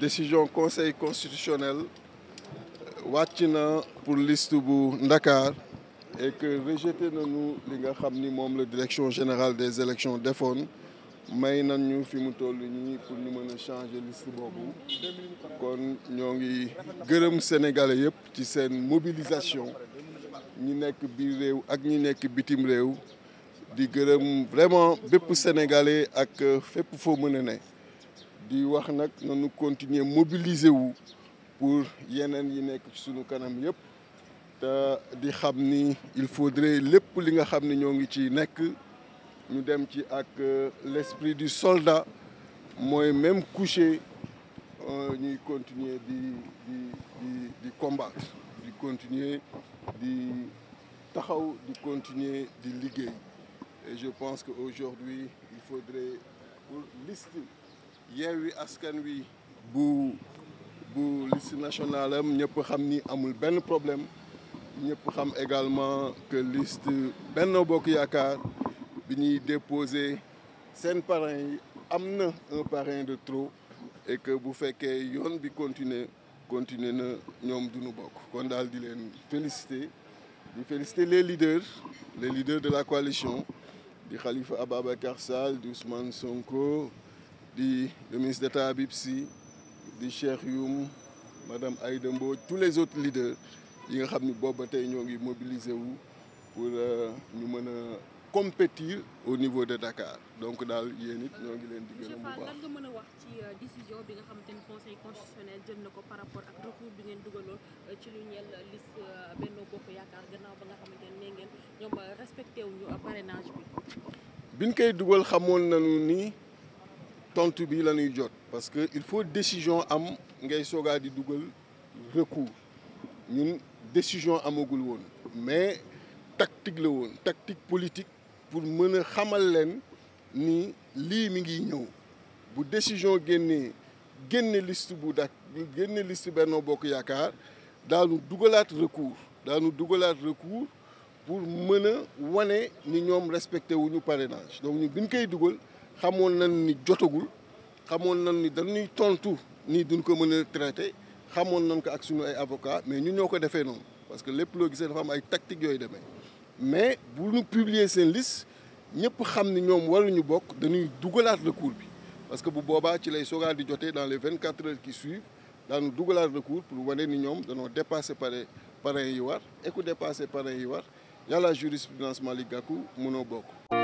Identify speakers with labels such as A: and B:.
A: décision conseil constitutionnel euh, wàcc na pour list bu Ndakaar et que rejeté nañu li nga xam ni moom la direction générale des élections defoon may nañ ñu fi mu toll nii pour ñu mën a changer liste boobu kon ñoo ngi gërëm sénégalais yëpp ci seen mobilisation ñi nekk biir réew ak ñi nekk bitim réew di gërëm vraiment bépp sénégalais ak euh, fépp foo mën a ne di wax nag nañu continuer mobiliser wu pour yeneen yi nekk ci sunu kanam yëpp te di xam ni il faudrait lépp li nga xam ni ñoo ngi ci nekk ñu dem ci ak euh, l'esprit du soldat mooy même couché euh, ñuy continuer di di di di combattre di continuer di taxaw di continuer di liggéey et je pense que aujourd'hui il faudrait pour liste Yewwi Askan Wi bu bu liste nationale am ñëpp xam ni amul benn problème ñëpp xam également que liste Benno Bokk Yaakaar bi ñuy déposé seen parrain yi am na un parrain de trop et que bu fekkee yoon bi continuer continuer na ñoom duñu bokk kon daal di leen féliciter di féliciter les leaders les leaders de la coalition di Khalifa Ababacar Sall di Ousmane Sonko di le ministre d'État Habib di Cheikh Youm madame Aïda Mbodj tous les autres leaders yi nga xam ni booba tey ñoo ngi mobiliser wu pour euh, ñu mën a compétir au niveau de Dakar donc daal yéen it ñoo ngi leen di gën a bu baax lan nga bi ngeen dugaloon euh, ci lu ñeel liste euh, Benno Bokk Yaakaar gannaaw ba nga xamante ne ngeen ñoom respecté wuñu parrainage bi. biñ koy dugal xamoon nañu ni. tontu bi la ñuy jot parce que il faut décision am ngay soogaa di dugal recours ñun décision amagul woon mais tactique la woon tactique politique pour mën a xamal leen ni lii mi ngi ñëw bu décision génnee génne list bu dak génne liste Benno Bokk Yaakaar daanu dugalaat recours daanu dugalaat recours pour mën a wane ni ñoom respecté wuñu parrainage donc ñu biñ koy dugal xamoon nañ ni jotagul xamoon nañ ni dañuy tontu nii duñ ko mën a traité xamoon nañ ko ak suñu ay avocat mais ñu ñoo ko defee noonu parce que lépp loo gisee dafa am ay tactique yooyu demee mais bu ñu publier seen liste ñëpp xam ni ñoom war ñu bokk dañuy dugalaat recours bi parce que bu boobaa ci lay soogaa di jotee dans les vingt quatre heures qui suivent daanu dugalaat recours pour wane ni ñoom danoo dépassé pare parrain yi war et ku dépassé parrain yi war yàlla jurisprudence Malick Gakou mënoo bokk